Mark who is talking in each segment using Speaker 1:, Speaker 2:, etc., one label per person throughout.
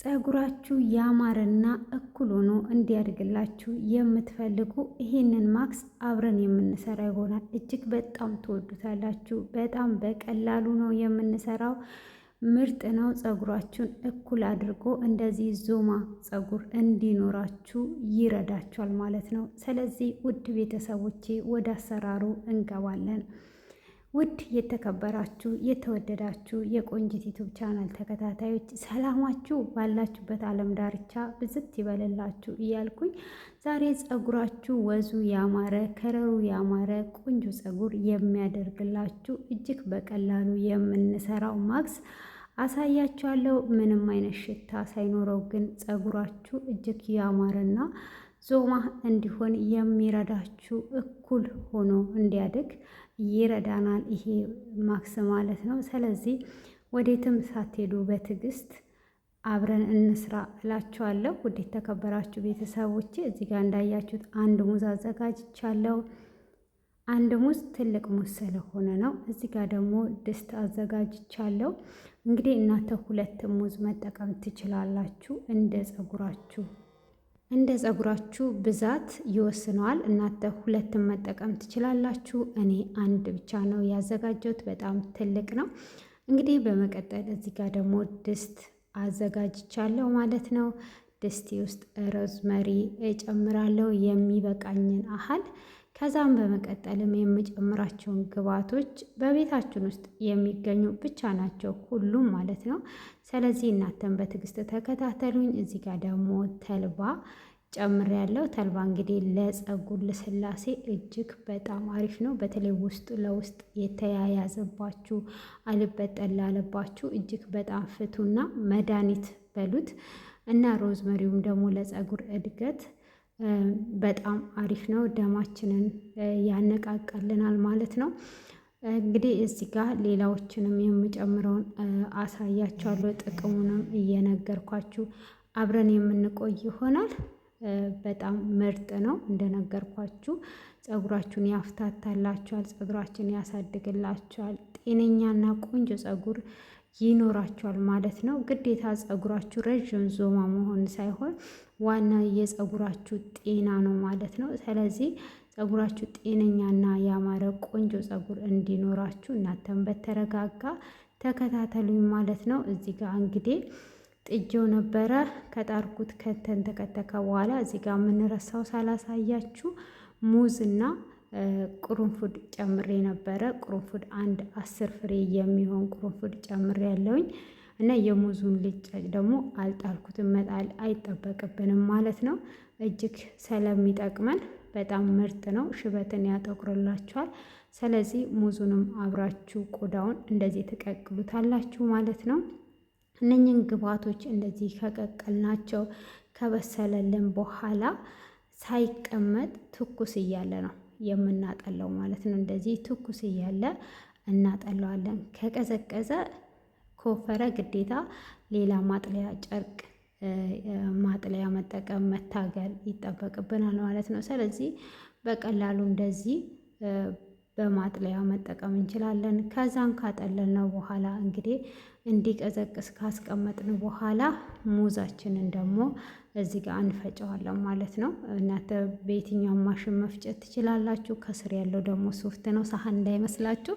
Speaker 1: ፀጉራችሁ ያማረና እኩል ሆኖ እንዲያድግላችሁ የምትፈልጉ ይህንን ማክስ አብረን የምንሰራ ይሆናል። እጅግ በጣም ትወዱታላችሁ። በጣም በቀላሉ ነው የምንሰራው። ምርጥ ነው። ፀጉራችሁን እኩል አድርጎ እንደዚህ ዞማ ፀጉር እንዲኖራችሁ ይረዳችኋል ማለት ነው። ስለዚህ ውድ ቤተሰቦቼ ወደ አሰራሩ እንገባለን። ውድ የተከበራችሁ የተወደዳችሁ የቆንጂት ዩቱብ ቻናል ተከታታዮች ሰላማችሁ ባላችሁበት ዓለም ዳርቻ ብዝት ይበልላችሁ እያልኩኝ ዛሬ ጸጉራችሁ ወዙ ያማረ ከረሩ ያማረ ቆንጆ ጸጉር የሚያደርግላችሁ እጅግ በቀላሉ የምንሰራው ማክስ አሳያችኋለሁ። ምንም አይነት ሽታ ሳይኖረው ግን ጸጉራችሁ እጅግ ያማረና ዞማ እንዲሆን የሚረዳችሁ እኩል ሆኖ እንዲያድግ ይረዳናል ይሄ ማክስ ማለት ነው። ስለዚህ ወዴትም ሳትሄዱ በትዕግስት አብረን እንስራ እላችኋለሁ። ውዴት ተከበራችሁ ቤተሰቦቼ እዚህ ጋር እንዳያችሁት አንድ ሙዝ አዘጋጅቻለሁ። አንድ ሙዝ ትልቅ ሙዝ ስለሆነ ነው። እዚህ ጋር ደግሞ ድስት አዘጋጅቻለሁ። እንግዲህ እናንተ ሁለት ሙዝ መጠቀም ትችላላችሁ እንደ ጸጉራችሁ እንደ ጸጉራችሁ ብዛት ይወስነዋል። እናንተ ሁለትም መጠቀም ትችላላችሁ። እኔ አንድ ብቻ ነው ያዘጋጀሁት። በጣም ትልቅ ነው። እንግዲህ በመቀጠል እዚህ ጋር ደግሞ ድስት አዘጋጅቻለሁ ማለት ነው። ድስቴ ውስጥ ሮዝመሪ እጨምራለሁ የሚበቃኝን አህል ከዛም በመቀጠልም የምጨምራቸውን ግብዓቶች በቤታችን ውስጥ የሚገኙ ብቻ ናቸው ሁሉም ማለት ነው። ስለዚህ እናተን በትዕግስት ተከታተሉኝ። እዚህ ጋር ደግሞ ተልባ ያለው ተልባ እንግዲህ ለፀጉር ልስላሴ እጅግ በጣም አሪፍ ነው። በተለይ ውስጥ ለውስጥ የተያያዘባችሁ አልበጠል ላለባችሁ እጅግ በጣም ፍቱና መድኃኒት በሉት እና ሮዝመሪውም ደግሞ ለጸጉር እድገት በጣም አሪፍ ነው። ደማችንን ያነቃቃልናል ማለት ነው። እንግዲህ እዚህ ጋር ሌላዎችንም የምጨምረውን አሳያችኋለሁ። ጥቅሙንም እየነገርኳችሁ አብረን የምንቆይ ይሆናል። በጣም ምርጥ ነው። እንደነገርኳችሁ ፀጉራችሁን ያፍታታላችኋል፣ ጸጉራችን ያሳድግላችኋል። ጤነኛና ቆንጆ ፀጉር ይኖራቸዋል ማለት ነው። ግዴታ ፀጉራችሁ ረዥም ዞማ መሆን ሳይሆን ዋና የፀጉራችሁ ጤና ነው ማለት ነው። ስለዚህ ፀጉራችሁ ጤነኛና ያማረ ቆንጆ ፀጉር እንዲኖራችሁ እናንተም በተረጋጋ ተከታተሉኝ ማለት ነው። እዚህ ጋር እንግዲህ ጥጀው ነበረ ከጣርኩት ተከተከ በኋላ እዚህ ጋር የምንረሳው ሳላሳያችሁ ሙዝና ቁርንፉድ ጨምሬ ነበረ። ቁርንፉድ አንድ አስር ፍሬ የሚሆን ቁርንፉድ ጨምሬ ያለውኝ እና የሙዙን ልጫጭ ደግሞ አልጣልኩትም። መጣል አይጠበቅብንም ማለት ነው። እጅግ ስለሚጠቅመን በጣም ምርጥ ነው። ሽበትን ያጠቁርላችኋል። ስለዚህ ሙዙንም አብራችሁ ቆዳውን እንደዚህ ትቀቅሉታላችሁ ማለት ነው። እነኝን ግብዓቶች እንደዚህ ከቀቀልናቸው ከበሰለልን በኋላ ሳይቀመጥ ትኩስ እያለ ነው የምናጠለው ማለት ነው። እንደዚህ ትኩስ እያለ እናጠለዋለን። ከቀዘቀዘ ከወፈረ ግዴታ ሌላ ማጥለያ ጨርቅ ማጥለያ መጠቀም መታገል ይጠበቅብናል ማለት ነው። ስለዚህ በቀላሉ እንደዚህ በማጥለያ መጠቀም እንችላለን። ከዛን ካጠለልነው በኋላ እንግዲህ እንዲቀዘቅስ ካስቀመጥን በኋላ ሙዛችንን ደግሞ እዚህ ጋር እንፈጨዋለን ማለት ነው። እናንተ በየትኛውም ማሽን መፍጨት ትችላላችሁ። ከስር ያለው ደግሞ ሶፍት ነው፣ ሳህን እንዳይመስላችሁ።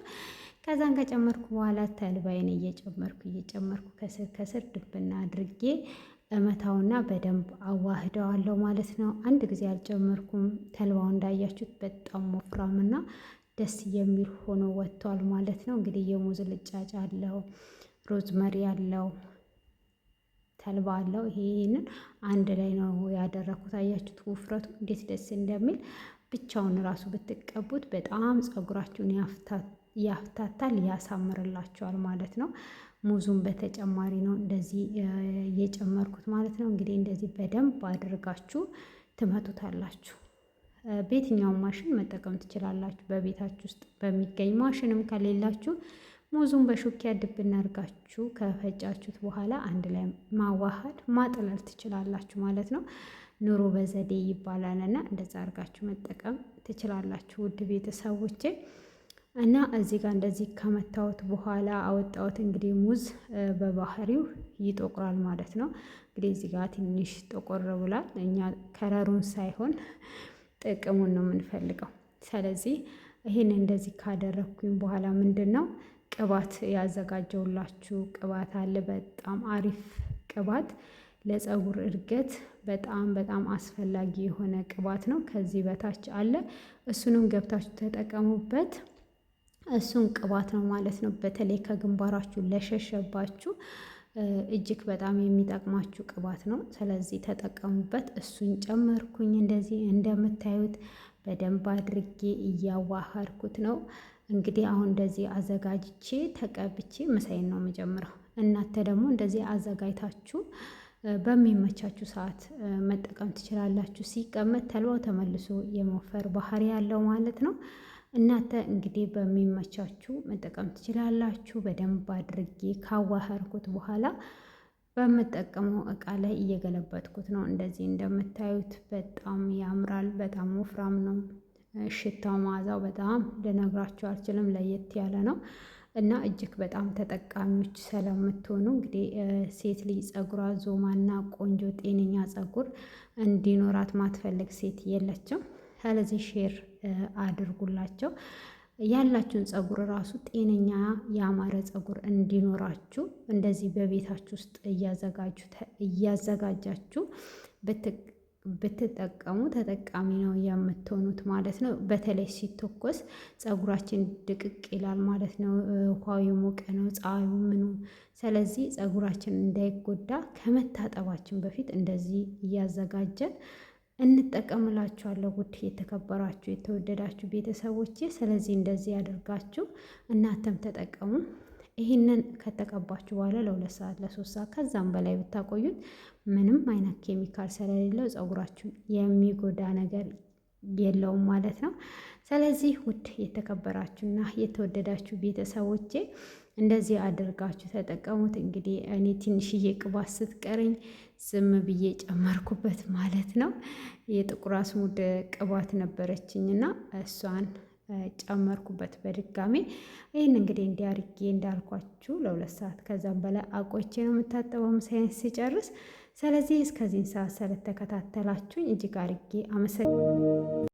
Speaker 1: ከዛን ከጨመርኩ በኋላ ተልባይን እየጨመርኩ እየጨመርኩ ከስር ከስር ድብና አድርጌ እመታውና በደንብ አዋህደዋለሁ ማለት ነው። አንድ ጊዜ አልጨመርኩም። ተልባው እንዳያችሁት በጣም ወፍራምና ደስ የሚል ሆኖ ወጥቷል ማለት ነው። እንግዲህ የሙዝ ልጫጭ አለው፣ ሮዝመሪ አለው ተልባ አለው። ይሄንን አንድ ላይ ነው ያደረኩት። አያችሁት ውፍረቱ እንዴት ደስ እንደሚል ብቻውን ራሱ ብትቀቡት በጣም ፀጉራችሁን ያፍታታል፣ ያሳምርላችኋል ማለት ነው። ሙዙም በተጨማሪ ነው እንደዚህ የጨመርኩት ማለት ነው። እንግዲህ እንደዚህ በደንብ አድርጋችሁ ትመቱታላችሁ። በየትኛውም ማሽን መጠቀም ትችላላችሁ። በቤታችሁ ውስጥ በሚገኝ ማሽንም ከሌላችሁ ሙዙን በሹኪያ ድብና አድርጋችሁ ከፈጫችሁት በኋላ አንድ ላይ ማዋሃድ ማጥለል ትችላላችሁ ማለት ነው። ኑሮ በዘዴ ይባላልና እንደዛ አርጋችሁ መጠቀም ትችላላችሁ ውድ ቤተሰቦቼ። እና እዚህ ጋር እንደዚህ ከመታወት በኋላ አወጣወት እንግዲህ ሙዝ በባህሪው ይጠቁራል ማለት ነው። እንግዲህ እዚህ ጋር ትንሽ ጠቆር ብሏል። እኛ ከረሩን ሳይሆን ጥቅሙን ነው የምንፈልገው። ስለዚህ ይህን እንደዚህ ካደረግኩኝ በኋላ ምንድን ነው ቅባት ያዘጋጀውላችሁ ቅባት አለ። በጣም አሪፍ ቅባት ለፀጉር እድገት በጣም በጣም አስፈላጊ የሆነ ቅባት ነው። ከዚህ በታች አለ እሱንም ገብታችሁ ተጠቀሙበት። እሱን ቅባት ነው ማለት ነው። በተለይ ከግንባራችሁ ለሸሸባችሁ እጅግ በጣም የሚጠቅማችሁ ቅባት ነው። ስለዚህ ተጠቀሙበት። እሱን ጨመርኩኝ እንደዚህ እንደምታዩት በደንብ አድርጌ እያዋሃድኩት ነው። እንግዲህ አሁን እንደዚህ አዘጋጅቼ ተቀብቼ ምሳዬን ነው የምጀምረው። እናንተ ደግሞ እንደዚህ አዘጋጅታችሁ በሚመቻችሁ ሰዓት መጠቀም ትችላላችሁ። ሲቀመጥ ተልባው ተመልሶ የመወፈር ባህሪ ያለው ማለት ነው። እናንተ እንግዲህ በሚመቻችሁ መጠቀም ትችላላችሁ። በደንብ አድርጌ ካዋሃርኩት በኋላ በምጠቀመው እቃ ላይ እየገለበጥኩት ነው። እንደዚህ እንደምታዩት በጣም ያምራል። በጣም ወፍራም ነው። ሽታው መዓዛው በጣም ልነግራቸው አልችልም፣ ለየት ያለ ነው እና እጅግ በጣም ተጠቃሚዎች ስለምትሆኑ እንግዲህ ሴት ልጅ ፀጉሯ ዞማና ቆንጆ ጤነኛ ፀጉር እንዲኖራት ማትፈልግ ሴት የለችም። ስለዚህ ሼር አድርጉላቸው ያላችሁን ፀጉር ራሱ ጤነኛ ያማረ ፀጉር እንዲኖራችሁ እንደዚህ በቤታችሁ ውስጥ እያዘጋጃችሁ ብትጠቀሙ ተጠቃሚ ነው የምትሆኑት ማለት ነው። በተለይ ሲተኮስ ፀጉራችን ድቅቅ ይላል ማለት ነው። ውሃው የሞቀ ነው፣ ፀሐዩ ምኑ። ስለዚህ ፀጉራችን እንዳይጎዳ ከመታጠባችን በፊት እንደዚህ እያዘጋጀን እንጠቀምላችኋለሁ። ውድ የተከበራችሁ የተወደዳችሁ ቤተሰቦቼ፣ ስለዚህ እንደዚህ ያደርጋችሁ እናንተም ተጠቀሙ። ይህንን ከተቀባችሁ በኋላ ለሁለት ሰዓት ለሶስት ሰዓት ከዛም በላይ ብታቆዩት ምንም አይነት ኬሚካል ስለሌለው ፀጉራችሁን የሚጎዳ ነገር የለውም ማለት ነው። ስለዚህ ውድ የተከበራችሁና የተወደዳችሁ ቤተሰቦቼ እንደዚህ አድርጋችሁ ተጠቀሙት። እንግዲህ እኔ ትንሽዬ ቅባት ስትቀረኝ ዝም ብዬ ጨመርኩበት ማለት ነው። የጥቁር አስሙድ ቅባት ነበረችኝና እሷን ጨመርኩበት በድጋሚ ይህን እንግዲህ እንዲያርጌ እንዳልኳችሁ ለሁለት ሰዓት ከዛም በላይ አቆቼ ነው የምታጠበው ምሳዬን ሲጨርስ። ስለዚህ እስከዚህን ሰዓት ስለተከታተላችሁኝ እጅግ አርጌ አመሰግናለሁ።